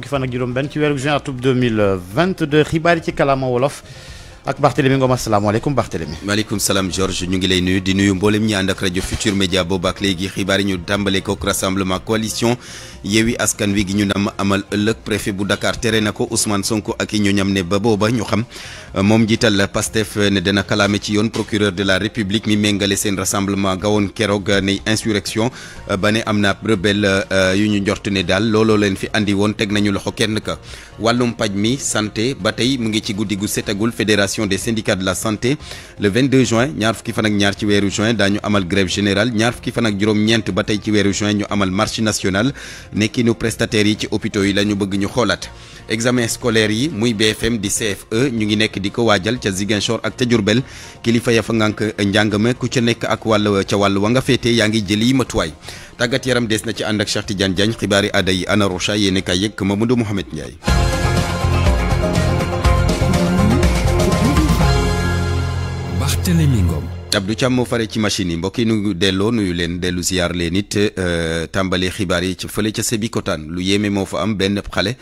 fukki fan ak juróom benn ci weeru juin atum 2022 xibaar ci kàllaama wolof ak Barthélémy Ngom asalaamaaleykum Barthélémy maaleykum salaam Georges ñu ngi lay nuyu di nuyu mboolem ñi ànd ak rajo Futur Média boobu ak léegi xibaar yi ñu tàmbale ko rassemblement coalition Yewwi Askan Wi gi ñu nam amal ëllëg préfet bu Dakar tere na ko Ousmane Sonko ak i ñoñam ne ba booba ñu xam moom njiital jiital Pastef ne dana kalaame ci yoon procureur de la République mi méngale seen rassemblement gawoon keroog ne insurrection ba ne am na rebelle euh, yu ñu njort ne daal looloo leen fi andi woon teg nañu loxo kenn ka wàllum mi santé ba tey mu ngi ci guddi gu setagul fédération Fédération des syndicats de la santé le 22 juin ñaar fukki fan ak ñaar ci weeru juin daañu amal grève générale ñaar fukki fan ak juróom-ñeent ba tey ci weeru juin ñu amal marche nationale nekkinu prestataires yi ci hôpitaux yi la bëgg ñu xoolaat examen scolaire yi muy BFM di CFE ñu ngi nekk di ko waajal ca Ziguinchor ak ca Diourbel kilifa ya fa ngànk njàng ma ku ca nekk ak wàll ca wàll wa nga féete yaa ngi jël yi matuwaay tàggat yaram des na ci ànd ak Cheikh Tidiane Diagne xibaari aada yi ana rocha yéene kay yëg Mamadou Mouhamed Ndiaye Barthélémy Ngom Abdou Thiam moo fare ci machine yi mbokk yi nu delloo nuyu leen dellu ziar leen it euh, tàmbali xibaar yi ca fële ca Sébikotaan lu yéeme moo fa am benn xale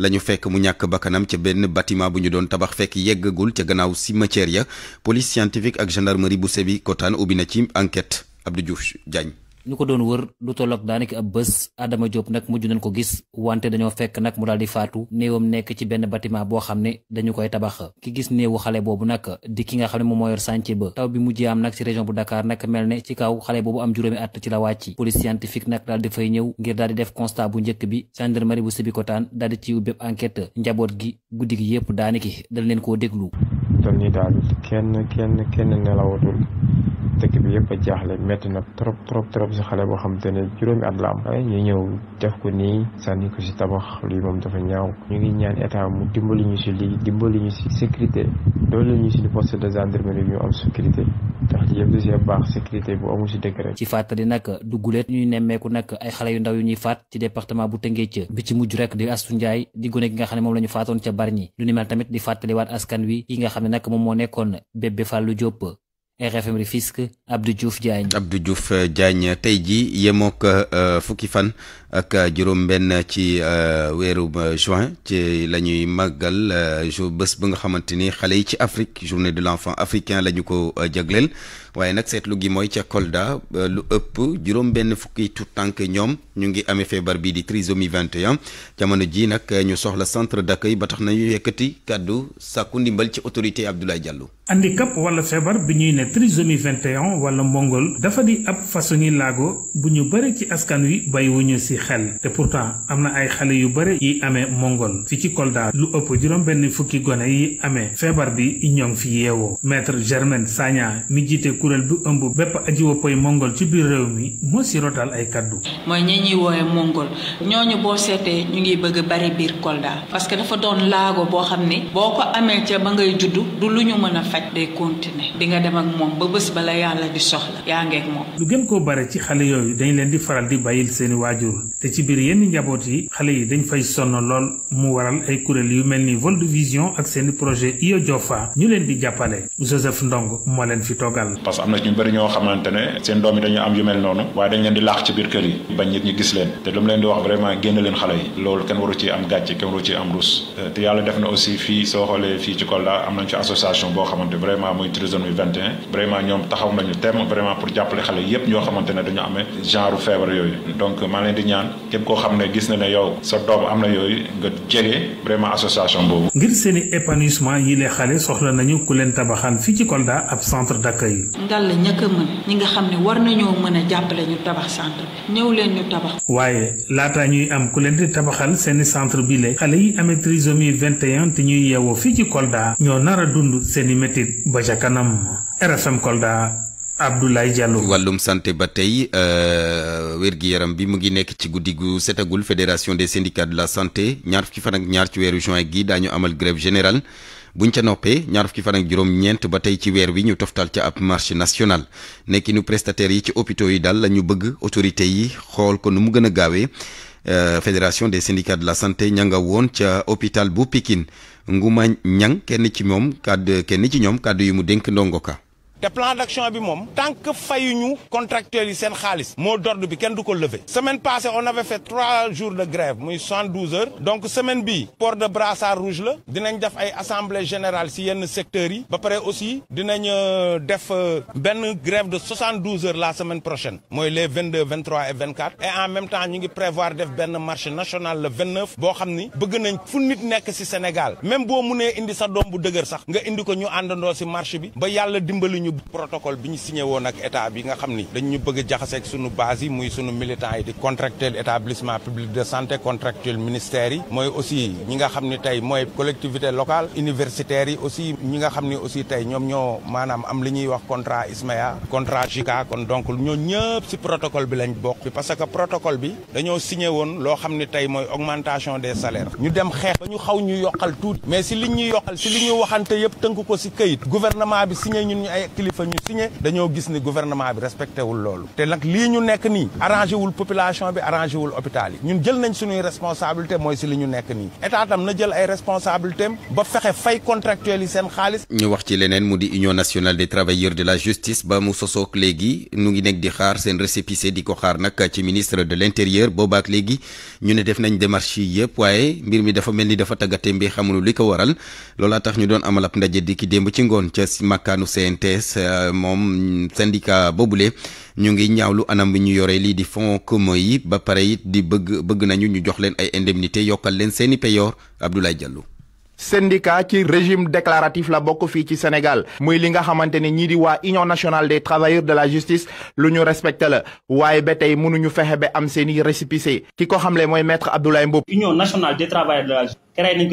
la ñu fekk mu ñàkk bakkanam ca benn bâtiment bu ñu doon tabax fekk yeggagul ca gannaaw cimetière ya police scientifique ak gendarmerie bu kotaan ubbi na ci enquête Abdou Diouf Diagne ñu ko doon wër lu tolloog daanaka ab bés Adama Diop nag mujj nañ ko gis wante dañoo fekk nag mu daal di faatu néewam nekk ci benn bâtiment boo xam ne dañu koy tabax ki gis néewu xale boobu nag di ki nga xam ne moom moo yor ba taw bi mujjee am nag ci région bu dakaar nag mel ne ci kaw xale boobu am juróomi at ci la wàcc police scientifique nag daal fay ñëw ngir daal di def constat bu njëkk bi gendarmerie bu Sébikotane daal di ci ubbi enquête njaboot gi guddi gi yëpp daanaka dañ leen koo déglu. dañuy daal kenn dëkk bi yëpp a jaaxle métti na trop trop trop si xale boo xam te juróomi at la am ñu ñëw def ko nii sànni ko si tabax lii moom dafa ñaaw ñu ngi ñaan état mu dimbali ñu si lii dimbali ñu si sécurité doole ñu si poste de gendarmerie yu ñu am sécurité ndax li yëpp see baax sécurité bu amul si dëkk rek ci fàttali nag dugguleet ñuy nemmeeku nag ay xale yu ndaw yu ñuy faat ci département bu Tëngéej bi ci mujj rek di Astu Njaay di gone gi nga xam ne moom la ñu faatoon ca Bargny lu ni tamit di fàttaliwaat askan wi yi nga xam ne nag moom moo nekkoon bébé Fallou Diop RFM Rufisque Abdou Diouf Diagne. Abdou Diouf euh, Diagne tey jii yemook euh, fukki fan ak euh, juróom-benn ci weeru juin ci la ñuy màggal jour bés ba nga xamante ni xale yi ci Afrique journée de l'enfant africain la ñu ko jagleel. waaye nag seetlu gi mooy ca Kolda euh, lu ëpp juróom benn fukki tout tànk ñoom ñu ngi amee feebar bii di trisomie 21 jamono ji nag euh, ñu soxla centre d'accueil ba tax nañu yëkkati kàddu sàkku ndimbal ci autorité Abdoulaye indi handicap wala feebar bi ñuy ne trisomie 21 wala mongol dafa di ab façon yi laago bu ñu bëri ci askan wi bàyyiwuñu si xel te pourtant am na ay xale yu bëri yi amee mongol fi ci Kolda lu ëpp juróom benn fukki gone yi amee feebar bi ñoo fi yeewoo maître Germaine kuréel bu ëmb bépp aji woppay mongol ci biir réew mi moo si rotal ay kaddu. mooy ñi ñuy woowee mongol ñooñu boo seetee ñu ngi bëgg bari biir Kolda parce dafa doon laago boo xam ni boo ko amee ca ba ngay juddu du lu ñu mën a faj day continuer di nga dem ak moom ba bés bala yàlla di soxla yaa ngeeg moom. lu gën koo bare ci xale yooyu dañ leen di faral di bàyyil seeni waajur te ci biir yenn njaboot yi xale yi dañ fay sonn lool mu waral ay kuréel yu mel ni vol de vision ak seeni projet Iyo Jofa ñu leen di jàppale Joseph parce que am na ñu bëri ñoo xamante ne seen doom yi dañu am yu mel noonu waaye dañ leen di laax ci biir kër yi bañ nit ñi gis leen te lu mu leen di wax vraiment génn leen xale yi loolu kenn waru ci am gàcce kenn waru ci am rus euh, te yàlla def na aussi fii soo xoolee fii ci Kolda am nañ fi association boo xamante vraiment muy trisomie 21 vraiment ñoom taxaw nañu temm vraiment pour jàppale xale yépp ñoo xamante ne dañu amee genre feebar yooyu donc maa leen di ñaan képp koo xam ne gis na ne sa doom am na yooyu nga jege vraiment association boobu ngir seeni épanouissement yi lee xale soxla nañu ku leen tabaxaan fii ci Kolda ab centre yi ndal la ñëkk mën ñi nga xam ne war nañoo mën a jàppale ñu tabax centre bi ñëw leen ñu tabax. waaye laata ñuy am ku leen di tabaxal seeni centre bi la xale yi amee trisomie 21 te ñuy yeewoo fii ci Kolda ñoo nar a dund seeni métit ba ca kanam RFM Kolda. Abdoulaye Diallo wàllum santé ba tey euh, wér-gi-yaram bi mu ngi nekk ci guddi gu setagul fédération des syndicats de la santé ñaar fukki fan ak ñaar ci weeru juin gi daañu amal grève général buñ ca noppee ñaar fukki fan ak juróom-ñeent ba tey ci weer wi ñu toftal ca ab marche national nekki nu prestataires yi ci hôpitaux yi daal la ñu bëgg autorités yi xool ko nu mu gën a gaawee euh, fédération de syndicats de la santé ña nga woon ca hôpital bu Pikine Ngouma ñan kenn ci moom kàddu kenn ci ñoom kàddu yi mu dénk ndongo ka te plan d'action bi moom tant que fayuñu contractuels yi seen xaalis moo d'ordre bi kenn du ko lever semaine passée on avait fait trois jours de grève muy soixante donc semaine bi port de brassard rouge la dinañ def ay assemblée générale si yenn secteurs yi ba pare aussi dinañ euh, def euh, benn grève de soixante-douze heures la semaine prochaine mooy les vingt-deux vingt-trois et vingt-quatre et en même temps ñu ngi prévoir def benn marché national le vingt-neuf boo xam ni bëgg nañ fu nekk si Sénégal même boo mënee indi sa doom bu dëgër sax nga indi ko ñu àndandoo si marché bi ba dimbali ñu ñu protocole bi ñu signé woon ak état bi nga xam ni dañ ñu bëgg sunu base yi muy sunu militants yi di contractuel établissement public de santé contractuel ministère yi mooy aussi ñi nga xam ni tey mooy collectivité locale universitaires yi aussi ñi nga xam ni aussi tey ñoom ñoo maanaam am li ñuy wax contrat ISMEA contra JICA kon donc ñoo ñëpp si protocole bi lañ bokk parce que protocole bi dañoo signé woon loo xam ni tey mooy augmentation des salaires ñu dem xeex ba ñu xaw ñu yokkal tuuti mais si kilifa ñu signé dañoo gis ni gouvernement bi respecté loolu te nag lii ñu nekk nii arrangé population bi arrangé hôpital yi ñun jël nañ suñuy responsabilité mooy si li ñu nekk nii état na jël ay responsabilité ba fexe fay contractuels yi seen xaalis ñu wax ci leneen mu di union nationale des travailleurs de la justice ba mu sosook léegi nu ngi nekk di xaar seen récépissé di ko xaar nag ci ministre de l'intérieur boobaak léegi ñu ne mi dafa mel ni dafa taggaté mbi xamul li ko waral Thiès euh, moom syndicat boobule ñu ngi ñaawlu anam bi ñu yoree lii di fonds commun yi ba pare it di bëgg bëgg nañu ñu jox leen ay indemnité yokkal leen seeni peyoor Abdoulaye Diallo. syndicat ci régime déclaratif la bokk fii ci Sénégal muy li nga xamante ne ñii di waa Union nationale des travailleurs de la justice lu ñu respecté la waaye ba tey mënuñu fexe ba am seen i récépissé ki ko xamle mooy mettre Abdoulaye Mboup. Union nationale des travailleurs de la justice créé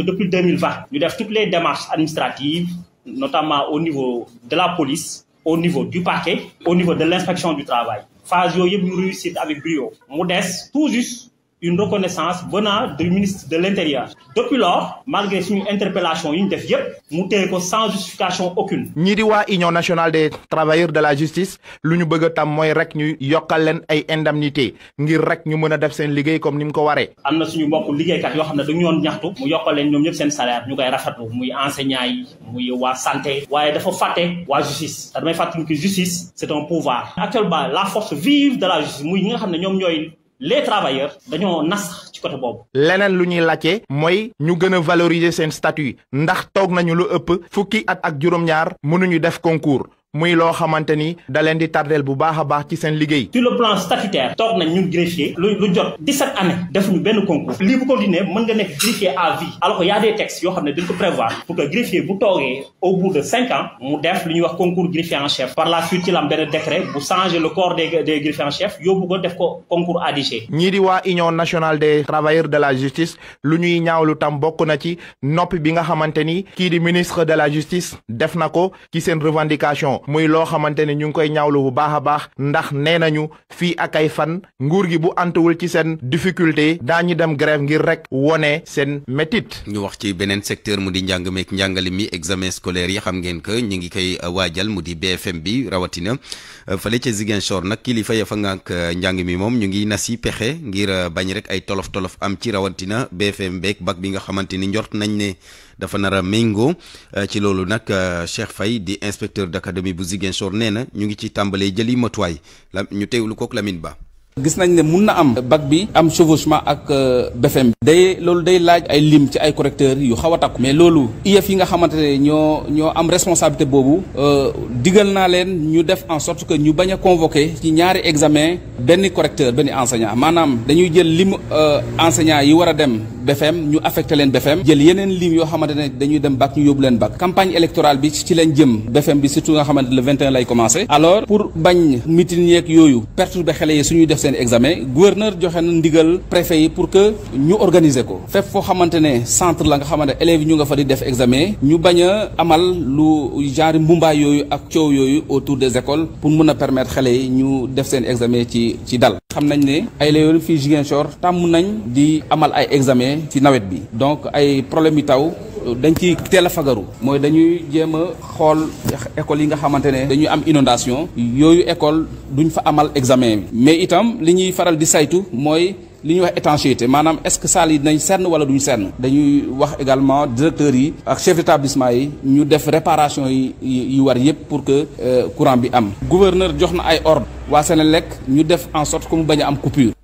notamment au niveau de la police, au niveau du parquet, au niveau de l'inspection du travail. Phase yo yeb réussite avec brio, modeste, tout juste une reconnaissance venant du ministre de l'Intérieur. Depuis lors, malgré suñu interpellation yi ñu def yépp mu téye ko sans justification aucune. ñii waa Union nationale des travailleurs de la justice lu ñu bëgg tam mooy rek ñu yokkal leen ay indemnité ngir rek ñu mën a def seen liggéey comme ni mu ko waree. am na suñu mbokk liggéeykat yoo xam ne dañu doon ñaxtu. mu yokkal leen ñoom ñépp seen salaire ñu koy rafetlu muy enseignants yi muy waa santé. waaye dafa fàtte waa justice. damay fàttali que la force vive nga xam ne ñoom ñooy les travailleurs dañoo nas côté boobu. leneen lu ñuy laajte mooy ñu gën a valoriser seen statut ndax toog nañu lu ëpp fukki at ak juróom-ñaar mënuñu def concours. muy loo xamante ni da leen di tardeel bu baax a baax ci seen liggéey. sur le plan statutaire toog nañ ñun greffier lu lu jot 17 années def ñu benn concours li bu continuer mën nga nekk greffier à vie alors que y a des yoo xam ne dañ ko prévoir pour que greffier bu toogee au bout de cinq ans mu def lu ñuy wax concours greffier en chef par la suite ci la benn décret bu changer le corps des des greffiers en chef yóbbu ko def ko concours ADG. ñii di waa Union nationale des travailleurs de la justice lu ñuy ñaawlu tam bokk na ci noppi bi nga xamante ni kii di ministre de la justice def na ko ci seen revendication. muy loo xamante ne ñu ngi koy ñaawlu bu baax a baax ndax nee nañu fii ak ay fan nguur gi bu antuwul ci seen difficulté ñu dem grève ngir rek wone seen métit ñu wax ci beneen secteur mu di njàng meek njàngale mi examen scolaire yi xam ngeen que ñu ngi koy waajal mu di BFM bi rawatina euh, fale ca Ziguinchor nag kilifa ya fa ngànk euh, njàng mi moom ñu ngi nas yi pexe ngir euh, bañ rek ay tolof tolof am ci rawatina BFM beeg bac bi nga xamante ni njort nañ ne dafa nar a méngoo euh, ci loolu nag euh, Cheikh fay di inspecteur d' académie bu Ziguinchor nee na ñu ngi ci tàmbalee jëli matuwaay la ñu teewlu kook Lamine Ba. gis nañ ne mun na am bag bi am chevauchement ak euh, BFEM bi day loolu day laaj ay lim ci ay correcteurs yu xaw a takku mais loolu IEF yi nga xamante ne ñoo ñoo am responsabilité boobu euh, digal naa leen ñu def en sorte que ñu bañ a convoqué ci ñaari examen benn correcteur benn enseignant maanaam dañuy jël lim euh, enseignant yi war a dem BFEM ñu affecté leen BFEM jël yeneen lim yoo xamante ne dañuy dem bac ñu yóbbu leen bac campagne électorale bi ci leen jëm BFEM bi surtout nga xamante le 21 lay commencé alors pour bañ mitin yeeg yooyu perturber xale yi suñuy def seen examen gouverneur joxe na ndigal préfet yi pour que ñu organiser ko fépp foo xamante ne centre la nga xamante ne élèves yi ñu nga fa di def examen ñu bañ a amal lu genre mbumbaay yooyu ak coow yooyu autour des écoles pour mun a permettre xale yi ñu def seen examen ci ci dal xam nañ ne ay fi fii Ziguinchor tàmm nañ di amal ay examen ci nawet bi donc ay problème yi taw dañ ci teel a fagaru mooy dañuy jéem a xool école yi nga xamante ne dañuy am inondation yooyu école duñ fa amal examen bi mais itam li ñuy faral di saytu mooy li ñuy wax étanchéité maanaam est-ce que salle yi dinañ senn wala duñ senn dañuy wax également directeur yi ak chef d'établissement yi ñu def réparation yi yi war yépp pour que euh, courant bi am gouverneur jox na ay ordre waa lekk ñu def en sorte que mu bañ a am coupure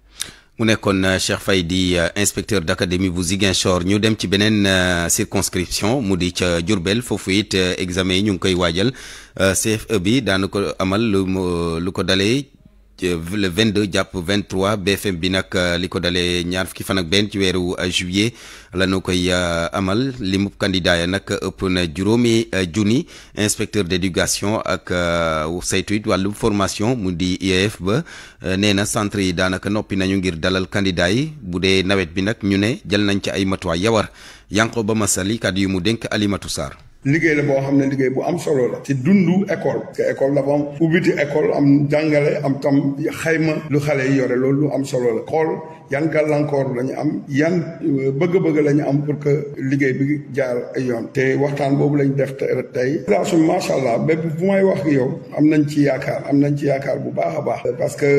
mu nekkoon euh, Cheikh Faye di euh, inspecteur d'académie bu Ziguinchor ñu dem ci beneen euh, circonscription mu di ca Diourbel foofu it examen yi ñu ngi koy waajal CFE bi daana ko amal lu lu ko dalee le 22 jàpp 23 BFM bi nag euh, li ko dalee ñaar fukki fan ak benn ci weeru euh, juillet euh, la ñu koy amal limub candidat ya nag ëpp na juróomi junni inspecteur d'éducation ak saytu it wàllu formation mu di IEF ba nee na centre yi daanaka noppi nañu ngir dalal candidat yi bu dee nawet bi nag ñu ne jël nañ ci ay matuwaay yawar yanko ba masali kàddu yu mu dénk Alimatu Sarr liggéey la boo xam ne liggéey bu am solo la ci dundu école que école la dafa am ubbiti école am jàngale am tam xayma lu xale yore loolu lu am solo la xool yan gàllankoor lañu am yan euh, bëgg-bëgg la ñu am pour que liggéey bi jaar ay yoon te waxtaan boobu lañ def tey relation macha allah bépp bu may wax yow am nañ ci yaakaar am nañ ci yaakaar bu baax a baax parce que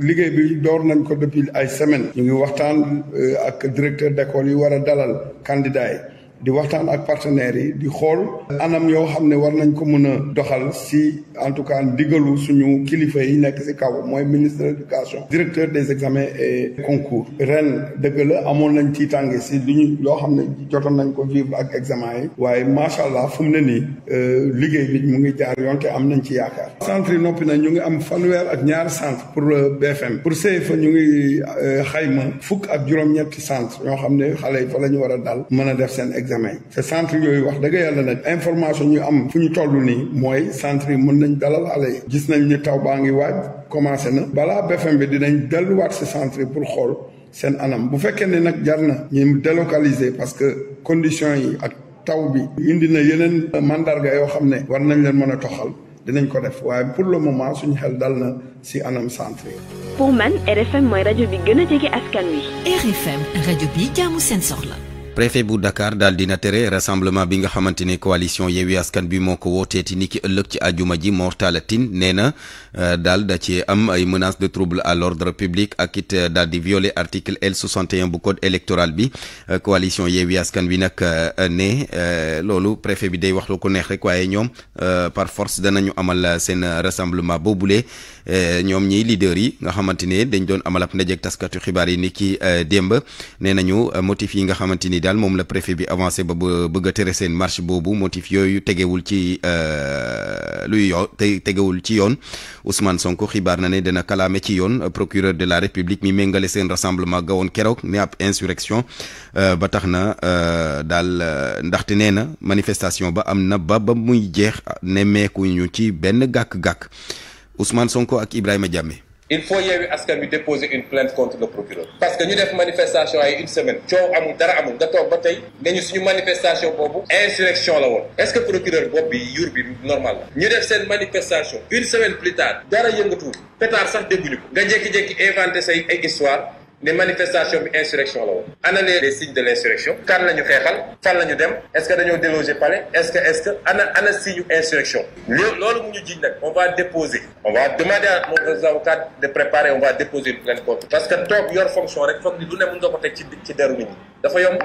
liggéey bi door nañ ko depuis ay semaines ñu ngi waxtaan euh, ak directeur d'école yi war a dalal candidat yi di waxtaan ak partenaires yi di xool anam yoo xam ne war nañ ko mën a doxal si en tout cas ndigalu suñu kilifa yi nekk si kaw mooy ministre de l'éducation directeur des examens et concours ren dëgg amoon nañ ci tànge si li ñu loo xam ne jotoon nañ ko vivre ak examen yi waaye macha allah fu mu ne nii euh, liggéey bi mu ngi jaar yoon te am nañ ci yaakaar centre yi noppi na ñu ngi am fanweer ak ñaar centre pour euh, BFM pour CFEE ñu ngi euh, xayma fukk ak juróom-ñetti centre xam ne xale yi fa la ñu war a mën a def seen examen examen te centre yooyu wax dëgg yàlla nag information ñu am fu ñu toll nii mooy centre yi mën nañ dalal xale gis nañ ni taw baa ngi waaj commencé na balaa BFM bi dinañ delluwaat si centre yi pour xool seen anam bu fekkee ne nag jar na ñu délocaliser parce que conditions yi ak taw bi indi na yeneen mandarga yoo xam ne war nañ leen mën a toxal dinañ ko def waaye pour le moment suñ xel dal na ci anam centre pour man RFM mooy rajo bi gën a jege askan préfet bu Dakar daal dina tere rassemblement bi nga xamante ne coalition Yewwi Askan bi moo ko wooteeti ni ki ëllëg ci àjuma ji Mortala Tine nee na euh, daal da ci am ay menaces de trouble à l'ordre public ak it euh, daal di violer article L61 bu code électoral bi euh, coalition Yewwi Askan bi nag ne loolu préfet bi day wax lu ko neex rek waaye ñoom par force dana ñu amal seen rassemblement boobule ñoom ñi leaders yi nga xamante ne dañ doon amal ab ndajeek taskatu xibaar yi ni ki démb nee nañu motif yi nga xamante ni daal moom la préfet bi avancé ba bëgg a tere seen marche boobu motif yooyu tegewul ci euh, luy yoo te tegewul ci yoon Ousmane Sonko xibaar na ne dana kalaame ci yoon procureur de la république mi méngale seen rassemblement gawoon keroog ne ab insurrection euh, ba tax na euh, daal ndaxte nee na manifestation ba am na ba ba muy jeex nemmeekuñu ci benn gàkk-gàkk usman Sonko ak Ibrahima Diame. il faut yeewi askan bi déposer une plainte contre le procureur parce que ñu def manifestation ay une semaine coow amul dara amul nga toog ba tey nga ñu suñu manifestation boobu insurrection la woon est-ce que procureur bopp bi yur bi normal la ñu def seen manifestation une semaine plus tard dara yëngatuwul pétard sax dégguñu ko nga jékki-jékki inventé say ay histoire ne manifestation bi insurrection la woon ana les signes de l' kan la ñu xeexal fan la ñu dem est ce que dañoo déloger palais est ce ana ana signe insurrection loolu mu ñu jiñ nag on va déposer on va demander à nos de préparer on va déposer une plainte contre parce que toog yor fonction rek foog ni lu ne mën ko teg ci ci dafa yomb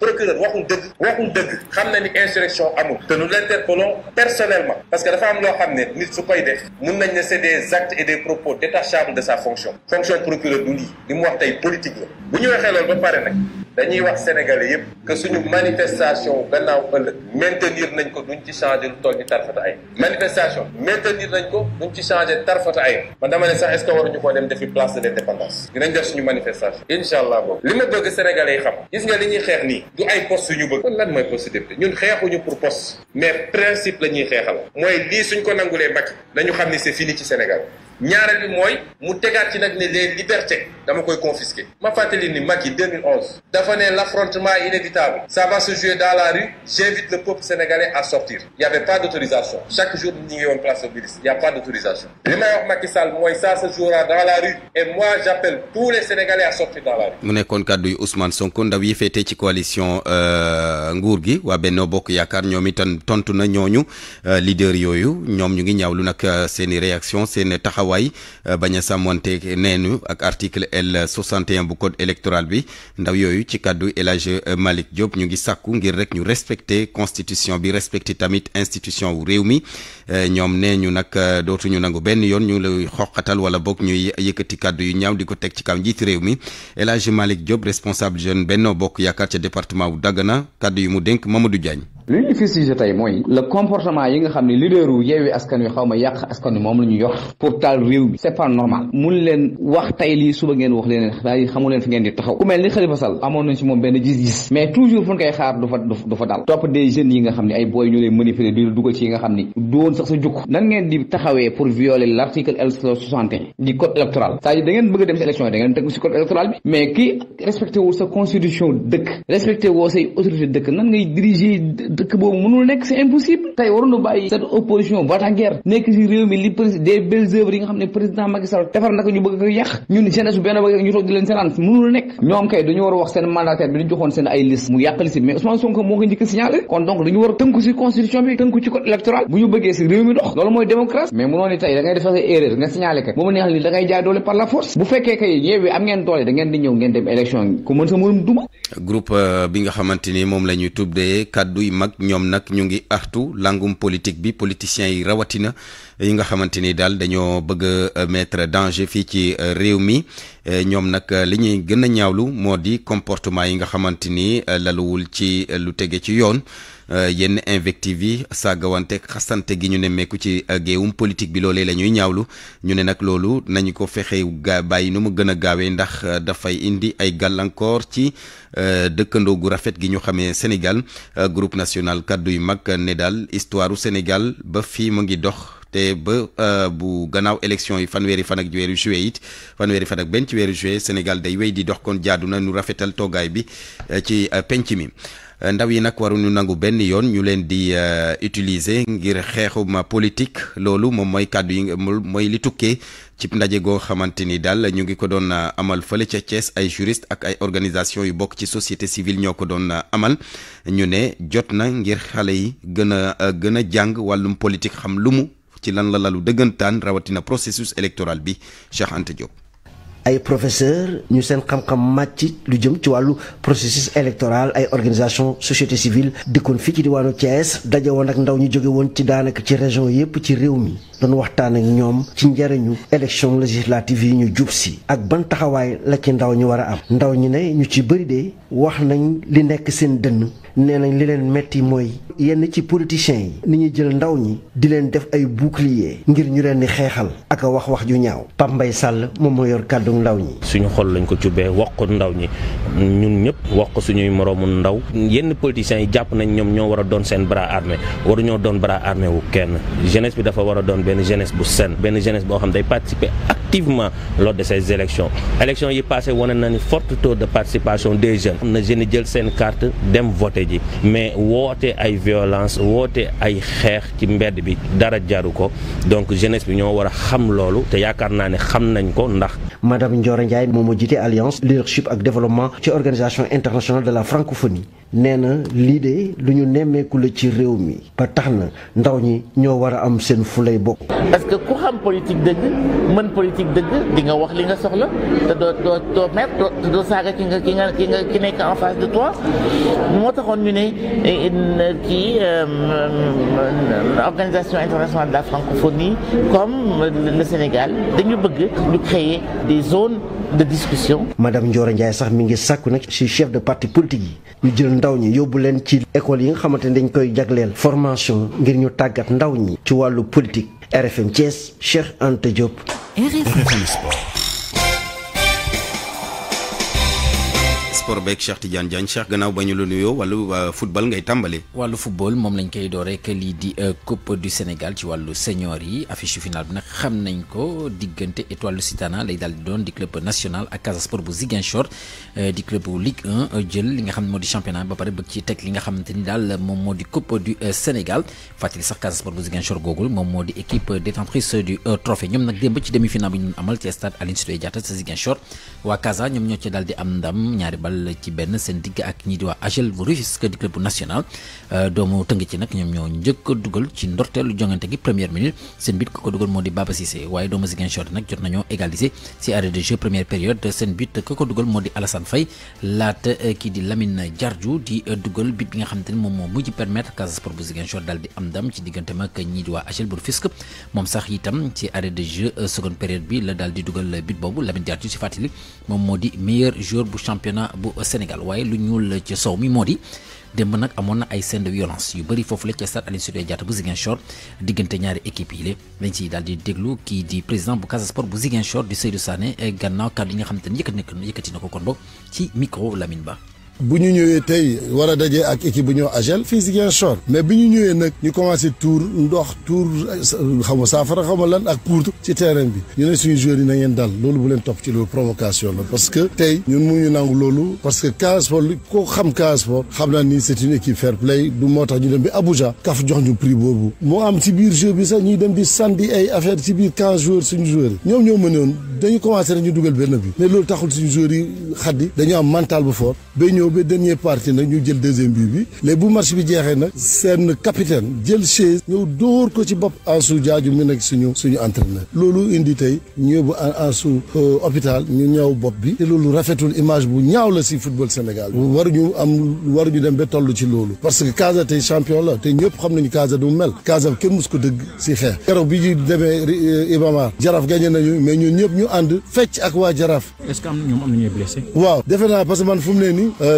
procureur waxul dëgg waxul dëgg xam na ni insurrection amul te nous l'interpellons personnellement parce que dafa am loo xam ne nit su koy def mun nañ ne c'est des actes et des propos détachables de sa fonction fonction procureur du lii li mu wax tey politique la bu ñu waxee loolu ba pare nag dañuy wax sénégalais yëpp que suñu manifestation gannaaw ëllëg maintenir nañ ko duñ ci changer lu toll ni tarfata ay manifestation maintenir nañ ko duñ ci changer tarfata ay man dama ne sax est waruñu koo dem defi place de l' indépendance dinañ def suñu manifestation incha allah boobu li ma bëgg sénégalais yi xam gis nga li ñuy xeex nii du ay poste yu bëgg kon lan mooy poste député ñun xeexuñu pour poste mais principe la ñuy xeexal mooy lii suñ ko nangulee Macky dañu xam ni c'est fini ci Sénégal ñaareel bi mooy mu tegaat ci nag ne les libertés dama koy confisquer ma fàttali ni Macky 2011 dafa ne l'affrontement est inévitable ça va se jouer dans la rue j'invite le peuple sénégalais à sortir il y pas d'autorisation chaque jour ñu ngi woon place ministre il y a pas d'autorisation li may wax Macky mooy ça se jouera dans la rue et moi j'appelle tous les sénégalais à sortir dans la rue. mu nekkoon kàddu yu Ousmane Sonko ndaw yi féetee ci coalition euh, nguur gi waa Benno Bokk Yaakaar ñoom tontu na ñooñu euh, leader yooyu ñoom ñu ngi ñaawlu nag euh, seen réaction seen taxawaay taxawaay euh, bañ a sàmmonte neenu ak article L bu code électoral bi ndaw yooyu ci kaddu El Hadj Malick Diop ñu ngi sàkku ngir rek ñu respecté constitution bi respecté tamit institution bu réew mi euh, ñoom nee ñu nag euh, dootuñu nangu benn yoon ñu lay xoqatal wala boog ñuy yëkkati kaddu yu ñaaw di ko teg ci kaw njiit réew mi El Hadj Malick Diop responsable jeune Benno Bokk Yaakaar ca département wu Dagana kàddu yu mu dénk Mamadou Diagne. li ñu fisige tey mooy le comportement yi réew bi c'est pas normal mun leen wax tey lii suba ngeen wax leen daa yi xamu leen ngeen di taxaw ku mel ni Khalifa Sall amoon nañ ci moom benn gis-gis mais toujours fu ñu koy xaar du fa dal topp des jeunes yi nga xam ne ay booy ñu lay manipuler di dugal ci nga xam ni doon sax sa jukk nan ngeen di taxawee pour violer l'article L61 di code électoral c'est-à-dire da bëgg a dem ci élection yi da ngeen ci code électoral mais kii respecté woo sa nga xam ne président Macky defar na ñu bëgg ko yàq ñun jeunesse bu benn bëgg ko euh, ñu ngi artu langum politique bi politiciens yi rawatina yi nga xamante ni daal dañoo bëgg a mettre danger fii ci euh, réew mi euh, ñoom nag euh, li ñuy gën a ñaawlu moo di comportement yi nga xamante ni laluwul ci lu tege ci yoon yenn invective yi saagawante xasante gi ñu ne meeku ci géewum politique bi loole lañuy ñaawlu ñu ne nag loolu nañu ko fexe gaa bàyyi nu mu gën a gaawee ndax dafay indi ay gàllankoor ci dëkkandoo gu rafet gi ñu xamee Sénégal groupe national kàddu yu mag ne daal histoire Sénégal ba fii mu ngi dox. te ba euh, bu gannaaw élection yi fanweeri fan ak weeru juillet it fanweeri fan ak benn ci weeru juillet Sénégal day wéy di dox kon jaadu na ñu rafetal toogaay bi euh, ci euh, penc mi. ndaw yi nag waruñu nangu benn yoon ñu leen di utiliser ngir xeexuma politique loolu moom mooy kàddu yi mooy li tukkee ci ndaje goo xamante ni daal ñu ngi ko doon amal fële ca Thiès ay juriste ak ay organisation yu bokk ci société civile ñoo ko doon amal ñu ne jot na ngir xale yi gën a gën a jàng wàllum politique xam lu mu ci lan la lalu dëggantaan rawatina processus électoral bi Cheikh Anta ay professeur ñu seen xam-xam màcc lu jëm ci wàllu processus électoral ay organisation société civile dëkkoon fii ci diwaanu Thiès daje woon ak ndaw ñu jóge woon ci daanaka ci région yépp ci réew mi. doon waxtaan ak ñoom ci njariñu élection législative yi ñu jub si ak ban taxawaay la ci ndaw ñi war a am ndaw ñi ne ñu ci bëri de wax nañ li nekk seen dënn nee nañ li leen metti mooy yenn ci politiciens yi ni ñuy jël ndaw ñi di leen def ay bouclier ngir ñu leen di xeexal ak a wax wax ju ñaaw Pape Mbaye Sall moom moo yor kàddu ndaw ñi suñu xol lañ ko jubee wax ko ndaw ñi ñun ñëpp wax ko suñuy moroomu ndaw yenn politiciens yi jàpp nañ ñoom ñoo war a doon seen bras armé waruñoo doon bras armé wu kenn jeunesse bi dafa war a doon benn jeunesse bu sen benn jeunesse boo xam day participer activement lors de ces élections élections yi passé wane na ni fort taux de participation des jeunes am na jeunes jël seen carte dem voté ji mais woote ay violence woote ay xeex ci mbedd bi dara jaru ko donc jeunesse bi ñoo war a xam loolu te yaakaar naa ne xam nañ ko ndax madame Ndioro Ndiaye moom moo jiite alliance leadership ak développement ci organisation internationale de la francophonie nee na lii de lu ñu nemmeeku la ci réew mi ba tax na ndaw ñi ñoo war a am seen fulay bokk ci dëgg di nga wax li nga soxla te doo doo doo mer te doo moo taxoon ñu ne eh, kii euh, organisation bëgg ñu créer des zones de sax mi ngi sàkku nag ci chef de parti politique yi ñu jël ndaw ñi yóbbu leen ci école yi nga xamante ne dañ koy jagleel formation ngir ñu tàggat ndaw ñi ci wàllu politique RFM Thiès Cheikh Anta RFI. RFI Sport. sport beeg Cheikh Tidiane Diagne Cheikh gannaaw ba la nuyoo wàllu euh, football ngay tàmbali. wàllu football moom lañ koy door rek lii di euh, coupe du Sénégal ci wàllu senior yi affiche finale bi nag xam nañ ko diggante étoile Lusitana lay daal di doon di club national ak Casa Sport bu Ziguinchor euh, di club bu Ligue 1 jël li nga xam ne moo di championnat ba pare bëgg ci teg li nga xamante ni daal moom moo di coupe du Sénégal fàttali sax Casa Sport bu Ziguinchor sa Ziguinchor waa Casa ñoom ñoo ci daal di amal ci benn seen digg ak ñi di waa AJEL bu Rufisque di club national euh, doomu tënk ci nag ñoom ñoo njëkk a dugal ci ndorteelu jongante gi première minute seen bit ko ko dugal moo di Baba Cissé waaye doomu Ziguinchor nag jot nañoo égaliser ci arrêt de jeu première période seen bit ko ko dugal moo di Alassane Faye laata euh, kii di Lamine Jarju di euh, dugal bit bi nga xamante ni moom moo mujj permettre Casa Sport bu Ziguinchor daal di am ndam ci diggante mag ñi di waa AJEL bu Rufisque moom sax itam ci la daal di dugal bu Sénégal waaye lu ñuul la ci sow mi moo di démb nag amoon na ay scène de violence yu bëri foofu la ca stade Aline Sitoé Diatta bu Ziguinchor diggante ñaari équipe yi la dañ ciy daal di déglu kii di président bu Casa Sport bu Ziguinchor di Seydou Sané eh, gannaaw kàddu yi nga xamante ne yëkkati na ko yëkkati na ko kon boog ci micro Ba. bu ñu ñëwee tey war a daje ak équipe bu ñoo agel fii sor mais bi ñu ñëwee nag ñu commencé tuur ndox tuur xam nga saafara xam nga lan ak poudre ci terrain bi ñu ne suñu joueurs yi na ngeen dal loolu bu leen topp ci loolu provocation la parce que tey ñun mu ñu nangu loolu parce que Casa ko xam Casa xam naa ni c'est une équipe fair play du moo tax ñu dem bi Abuja kaf jox ñu prix boobu moo am ci biir jeu bi sax ñu dem di sandi ay affaire si biir quinze joueurs suñu joueurs yi ñoom ñoo mënoon dañu commencé rek ñu dugal benn bi mais loolu taxul suñu joueurs yi xaddi dañu am mental bu fort bay ba dernier parti nag ñu jël deuxième but bi le bu match bi jeexee nag seen capitaine jël chaise ñëw dóor ko ci bopp Ansu Jaaju mu nekk suñu suñu entraîneur loolu indi tey ñu yóbbu Ansu euh, hôpital ñu ñaaw bopp bi te loolu rafetul image bu ñaaw la si football Sénégal waruñu am waruñu dem ba toll ci loolu parce que Casa tey champion la te ñëpp xam nañu Casa du mel Casa kenn mus ko dëgg si xeex keroog bi ñu demee euh, Ibama Jaraaf gagné nañu mais ñun ñëpp ñu ànd fecc ak waa Jaraaf. est-ce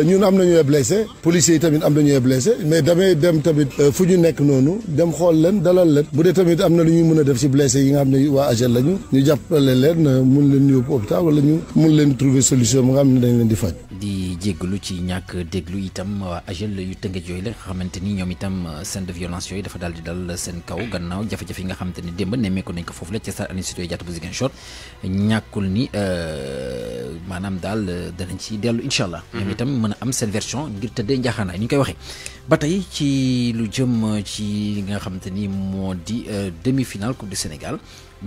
ñun am nañu ay blessé policiers yi tamit am nañu ay blessé mais damay dem tamit euh, fu ñu nekk noonu dem xool leen dalal leen bu dee tamit am na lu ñu mën a def si blessé yi nga xam ne waa AGEL lañu ñu jàppale leen euh, mun leen yóbbu hôpital wala ñu mun leen trouver solution bi nga xam ne dañ leen di faj. di jéggalu ci ñàkk déglu itam waa AGEL yu tëngëj yooyu la nga xamante ni ñoom itam euh, scène de violence yooyu dafa daal di dal seen kaw gannaaw jafe-jafe yi nga xamante ni démb nemmeeku nañ ko foofu la ci stade Aline Sitoé Diatta bu maanaam daal danañ ci dellu incha mën a am seen version ngir tëddee njaaxaanaay ni ñu koy waxee ba tey ci lu jëm ci li nga xamante ni moo di euh, demi-finale Coupe du Sénégal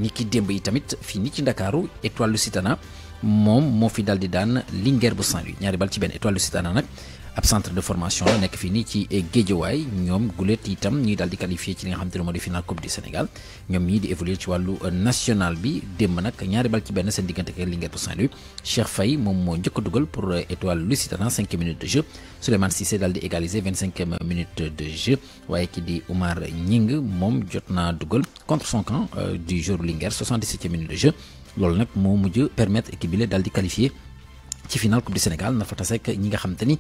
ni ki démb yi tamit fii ni ci Ndakaaru Étoile Lusitana moom moo fi daal di daan Linguère bu Saint-Louis ñaari bal ci benn Étoile Lusitana nag ab centre de formation la nekk fii nii ci Guédiawaye ñoom gulet itam ñuy daal di qualifié ci li nga xam te ne moo final coupe du Sénégal ñoom ñii di évoluer ci wàllu euh, national bi démb nag ñaari bal benn seen diggante ak Linguère Saint-Louis moom moo njëkk a dugal pour euh, étoile Lusitana cinq minutes de jeu Souleymane Cissé daal di égaliser vingt cinq minutes de jeu waaye ki di Oumar Nying moom jot naa dugal contre son camp euh, du jour Linguère soixante de jeu loolu na nga xam te ni.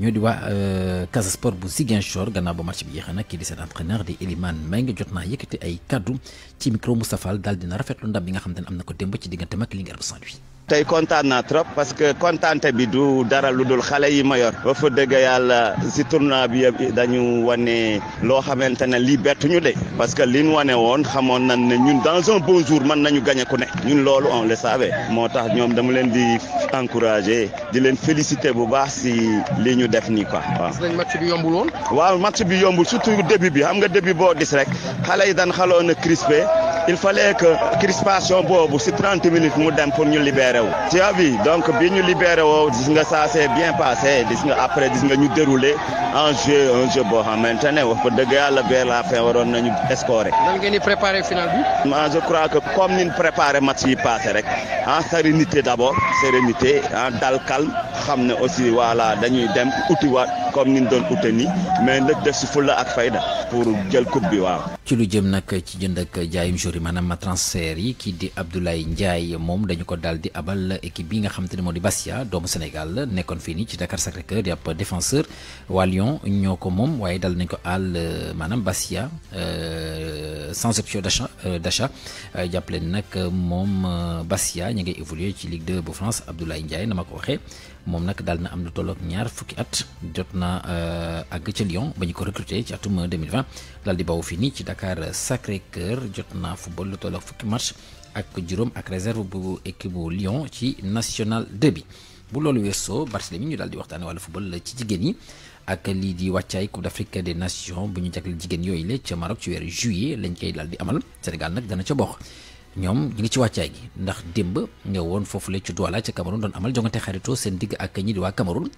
ñoo di waa euh, Casa Sport bu Ziguinchor gannaaw ba match bi yéex nag kii di seen entraîneur di Elimane nga jot naa yëkkati ay kaddu ci micro Moustapha daal dina rafetlu ndam bi nga xam te ne am na ko démb ci diggante mag Linguère bu Saint-Louis tey kontaan naa trop parce que kontaante bi du dara lu dul xale yi mayor yor ba fa dëgg yàlla si tournoi bi yëpp dañu wane loo xamante ne lii bettu ñu de parce que li ñu wane woon xamoon nañ ne ñun dans un bon jour man nañu gañe ku ne ñun loolu on le savait moo tax ñoom dama leen di encourager di leen féliciter bu baax si li ñu def nii quoi waaw. gis nañ match bi yombul bi yombul surtout début bi xam nga début boo gis rek xale yi daan xaloon a crispé il fallait que crispation boobu si 30 minutes mu dem ñu libérer. libéré wu donc bi ñu libéré woo gis nga ça s'est bien passé gis nga après gis nga ñu déroulé un jeu un jeu boo xamante ne wax dëgg yàlla vers la fin waroon nañu scorer. nan ngeen préparé final bi. ah je crois que comme ni ñu préparé match yi passé rek en sérénité d'abord sérénité en dal calme aussi voilà dañuy dem utiwaat. comme ni ñu doon ute ni mais nag def si fulla ak fayda pour jël coupe bi waaw. ci lu jëm nag ci jënd ak jaayum jour yi maanaam transfert yi kii di Abdoulaye Ndiaye moom dañu ko daal di abal équipe bi nga xam te ne moom di Bastia doomu Sénégal nekkoon fii nii ci Dakar Sacré-Cœur di ab défenseur ñoo ko moom waaye dal nañ ko àll maanaam Bastia euh, sans option d'achat euh, d'achat euh, jàppale nag moom Bastia ñu ngi évoluer ci Ligue 2 bu France Abdoulaye Ndiaye na ma ko waxee. moom nag daal na am lu tollook ñaar fukki at jot na euh, àgg ca Lyon ba ñu ko recruter ci atum 2020 daal di baw fii nii ci Dakar Sacré-Cœur jot naa football lu tollook fukki match ak juróom ak réserve bu équipe bu Lyon ci national 2 bu loolu weesoo Barthélemy ñu daal di waxtaane wàllu football ci jigéen yi ak lii di wàccaay Coupe d'Afrique des Nations bu ñu jagleel jigéen yooyu la ca Maroc ci weeru juillet lañ koy daal di amal Sénégal nag dana ca bokk ñoom ñu ngi ci wàccaay gi ndax démb nga woon foofu la ci Douala ca Cameroun doon amal jongante xaritoo seen digg ak ñi di waa Cameroun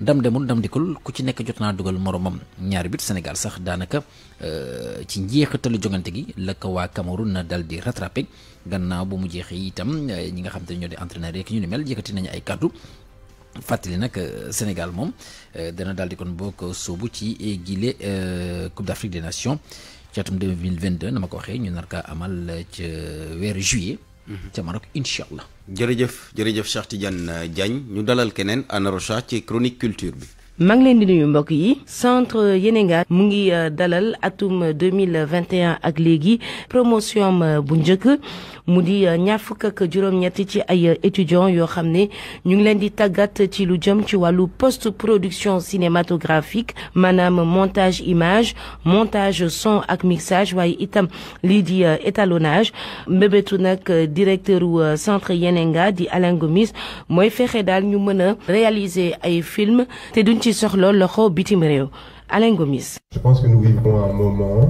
ndam demul ndam dikul ku ci nekk jot naa dugal moromam ñaari but Sénégal sax daanaka euh, ci njeexitalu jongante gi la waa Cameroun na dal di rattrapé gannaaw bu mu jeexee itam euh, ñi nga xam te ñoo de entraîneur yeeg ñu ni mel yëkkati nañu ay kàddu fàttali nag euh, Sénégal moom dana daal di kon bokk soobu ci gile Coupe d'Afrique des Nations. de ci atum de na ma ko waxee ñu nar kaa amal ca weer juillet. Mhm. ca Maroc incha allah. jërëjëf jërëjëf Cheikh Tidiane Diagne ñu dalal keneen Anna Rocha ci chronique culture bi. maa ngi leen di nuyu mbokk yi centre Yénénga mu ngi euh, dalal atum 2021 ak léegi promotion euh, bu njëkk mu di euh, ñaar fukk juróom-ñetti ci ay étudiants yoo xam ni ñu ngi leen di tàggat ci lu jëm ci wàllu post production cinématographique maanaam montage image montage son ak mixage waaye itam lii di étalonage mbébétu nag directeur wu centre Yénénga di Alain Gomis mooy fexe daal ñu mën a réaliser ay film te duñ ci soxla loxo bitim réew Alain Gomis. Je pense que nous vivons un moment.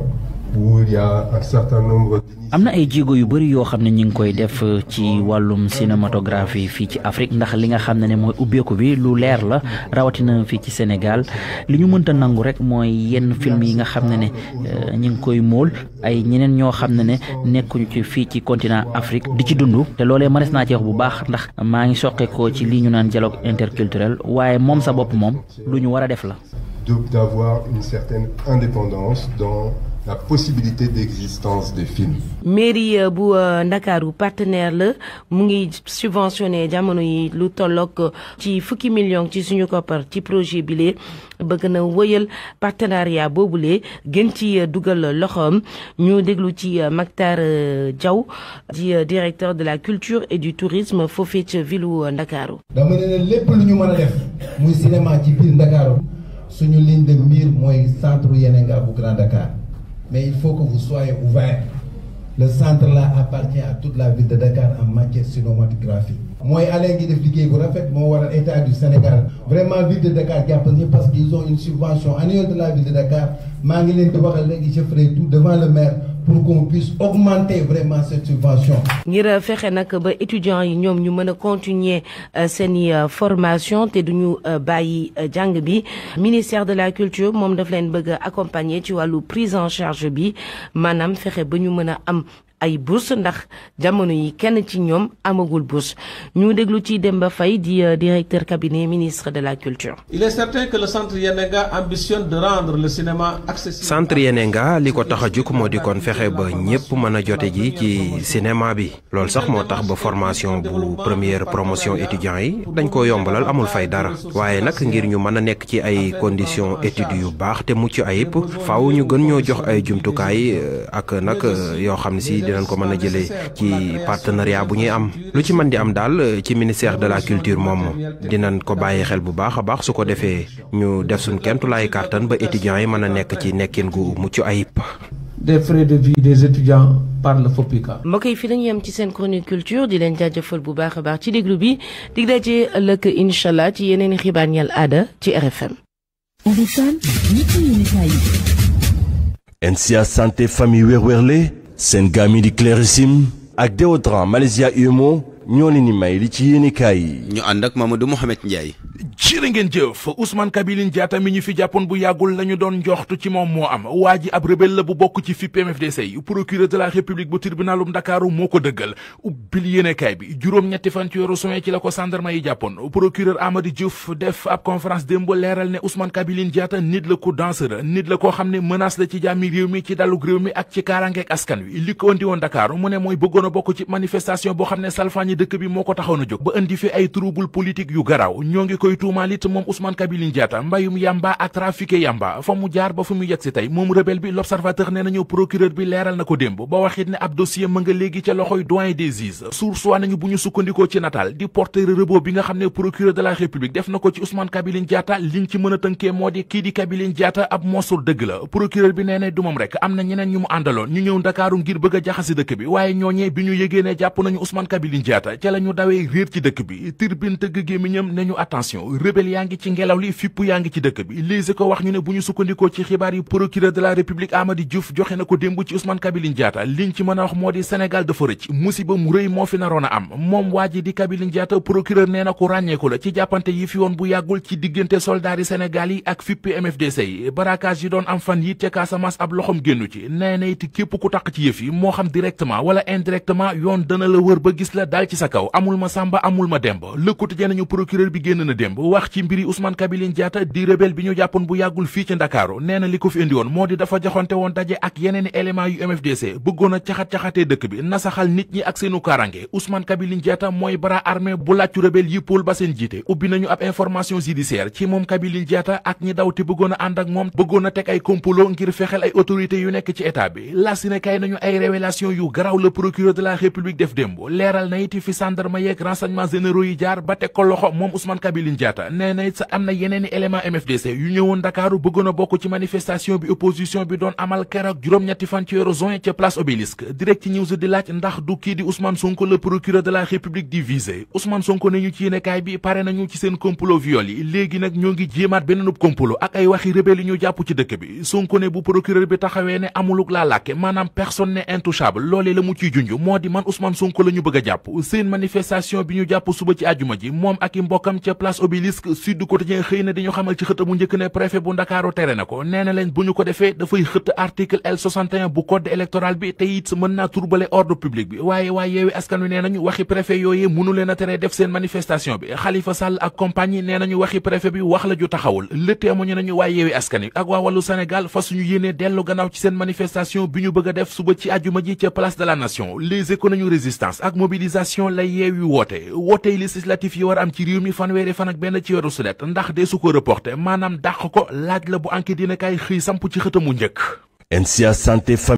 où il y am na ay jéego yu bëri yoo xam ne ñi ngi koy def euh, ci wàllum cinématographie fii ci Afrique ndax li nga xam ne ne mooy ubbeeku bi lu leer la rawatina fii ci Sénégal li ñu mënta nangu rek mooy yenn film yi nga xam ne ne euh, ñi ngi koy móol ay ñeneen ñoo xam ne ne nekkuñu ci fii ci continent Afrique di ci dund te loolee mënees naa ci bu baax ndax maa ngi soqeekoo ci lii ñu naan dialogue interculturel waaye moom sa bopp moom lu ñu war a def la. la possibilité d'existence des films. mairie euh, bu euh, Ndakaaru partenaire la mu ngi subventionné jamono yi lu tollook euh, ci fukki million ci suñu koppar ci projet bi lee bëgg na wëyal partenariat boobule gën ci dugal loxoom ñu déglu ci Mactar Diaw di directeur de la culture et du tourisme foofee ca villu Ndakaaru. dama ne lépp lu ñu mën a def muy cinéma ci biir Ndakaaru suñu ligne de mire mooy centre Yenenga bu Grand Dakar. mais il faut que vous soyez ouverts le centre là appartient à toute la ville de Dakar en matière cinématographique mooy Alain ngi def liggéey bu rafet moo waral état du Sénégal vraiment ville de Dakar jàppal ñi parce qu'ils on une subvention annuelle de la ville de Dakar maa ngi leen di waxal léegi je ferai tout devant le maire pour qu'on ngir fexe nag ba étudiants yi ñoom ñu mën a continuer euh, seeni euh, formation te duñu euh, bàyyi jàng bi ministère de la culture moom daf leen bëgg a accompagner ci wàllu prise en charge bi maanaam fexe ba ñu mën a am ay bourse ndax jamono yi kenn ci ñoom amagul bourse ñu déglu ci Demba fay di euh, directeur cabinet ministre de la culture. il est certain que le centre li ko tax a jóg moo di kon fexe ba ñëpp mën a jote ji ci cinéma bi loolu sax moo tax ba formation bu première promotion étudiants yi dañ ko yombalal amul fay dara waaye nag ngir ñu mën a nekk ci ay conditions études yu baax te mucc ayib faaw ñu gën ñoo jox ay jumtukaay euh, ak nag euh, yoo xam si. dinañ ko mën a jëlee ci partenariat bu ñuy am lu ci mën di am daal eh, ci ministère de la culture moom dinañ ko bàyyi xel bu baax a baax su ko defee ñu def suñ kemtulaay kàttan ba étudiants yi mën a nekk ci nekkin gu mucc ayib. des de vie des étudiants par le FOPICA. mbokk yi fi la ñu yem ci seen chronique culture di leen jaajëfal bu baax a baax ci déglu bi dig daje ëllëg incha allah ci yeneen i xibaar ñeel aada ci RFM. NSIA santé famille wér-wérle seen gaam yi di Clarissim ak déodorant Malaysia Umo ñoo leen may li ci yéenekaay yi. ñu ànd ak Mamadou Mouhamed Ndiaye. jërë ngeen jëf Ousmane Kabiline Diatta mi ñu fi jàppoon bu yàggul lañu doon njoxtu ci moom moo am waa ji ab rebelle la bu bokk ci FIP MFDC yi procureur de la république bu tribunalum Ndakaaru moo ko dëggal ubbil yéenekaay bi juróom-ñetti fan ci ci la ko sandarma yi jàppoon procureur Amady Diouf def ab conférence démb leeral ne Ousmane Kabiline Diatta nit la ko danseur nit la koo xam ne menace la ci jàmmi réew mi ci dalug réew mi ak ci kaarangeek moo ko taxoon a jóg ba indi fi ay trouble politique yu garaaw ñoo ngi ko koy tuumaal moom Ousmane Kabiline Diatta mbayum yamba ak trafiqué yamba fa mu jaar ba fu mu yegg si tey moom rebelle bi l'observateur nee nañu procureur bi leeral na ko démb ba waxit ne ab dossier mën nga léegi ca loxoy doyen des juges source waa nañu bu ñu sukkandikoo ci nataal di porter rebot bi nga xam ne procureur de la république def na ko ci Ousmane Kabiline Diatta liñ ci mën tënkee moo di kii di Kabiline Diatta ab moosul dëgg la procureur bi nee nañu manifestation rebelle yaa ngi ci ngelaw li fipp yaa ngi ci dëkk bi lise ko wax ñu ne bu ñu sukkandikoo ci xibaar yi procureur de république Amady Diouf joxe na ko démb ci Ousmane Kabiline Diatta liñ ci mën a wax moo di Sénégal dafa rëcc musiba mu rëy moo fi naroon a am moom waa ji di Kabiline Diatta procureur nee na ko ràññeeku la ci jàppante yi fi woon bu yàggul ci diggante soldaar yi Sénégal yi ak fippi MFDC yi barakaas yi doon am fan yi ca Casamance ab loxom génnu ci nee képp ku taq ci yëf yi moo xam directement wala indirectement yoon dana la wër ba gis la daal ci sa kaw amul ma sàmba amul ma demb le quotidien nañu procureur bi génn na démb wax ci mbiri Ousmane Kabiline Diatta di rebelle bi ñu jàppoon bu yàggul fii ci Ndakaaru nee li ko fi indi woon moo di dafa joxante woon daje ak yeneeni élément yu MFDC bëggoon a caxat-caxatee dëkk bi nasaxal nit ñi ak seenu karange Ousmane Kabiline Diatta mooy bras armé bu làccu rebelle yi Paul Bassène jiite ubbi nañu ab information judiciaire ci moom Kabiline Diatta ak ñi daw te bëggoon a ànd ak moom bëggoon a teg ay complot ngir fexel ay autorités yu nekk ci la république def démb leeral na it fi gendarme Assane nee na sa am na yeneeni élément MFDC yu ñëwoon Ndakaaru bëggoon bokk ci manifestation bi opposition bi doon amal keroog juróom-ñetti fan ci weeru juin ca place Obélisque direct news di laaj ndax du kii di Ousmane Sonko le procureur de la République di visé Ousmane Sonko ne ñu ci yéenekaay bi pare nañu ci seen complot viol yi léegi nag ñoo ngi jéemaat beneenub complot ak ay waxi rebelle yi ñu jàpp ci dëkk bi Sonko ne bu procureur bi taxawee ne amuluk i place obélisque sud quotidien xëy na di ñu xamal ci xët mu njëkk ne préfet bu ndakaaru tere na ko nee na leen bu ñu ko defee dafay xëtt article L61 bu code électoral bi te it mën naa turbale ordre public bi waaye waaye yeewi askan wi nee nañu waxi préfet yooyee mënu a tere def seen manifestation bi Khalifa Sall ak compagnie nee nañu waxi préfet bi wax la ju taxawul lëttee mu ñu nañu waaye yeewi askan wi ak waa wàllu Sénégal fa ñu yéenee dellu gannaaw ci seen manifestation bi ñu bëgg def suba ci la nation les économies résistance ak mobilisation la yeewi woote woote législatif yi war am ci mi fan ak benn ci weeru sulet ndax dee su ko reporté maanaam dàq ko laaj la bu enquête dina kay xëy samp ci xëtamu njëkk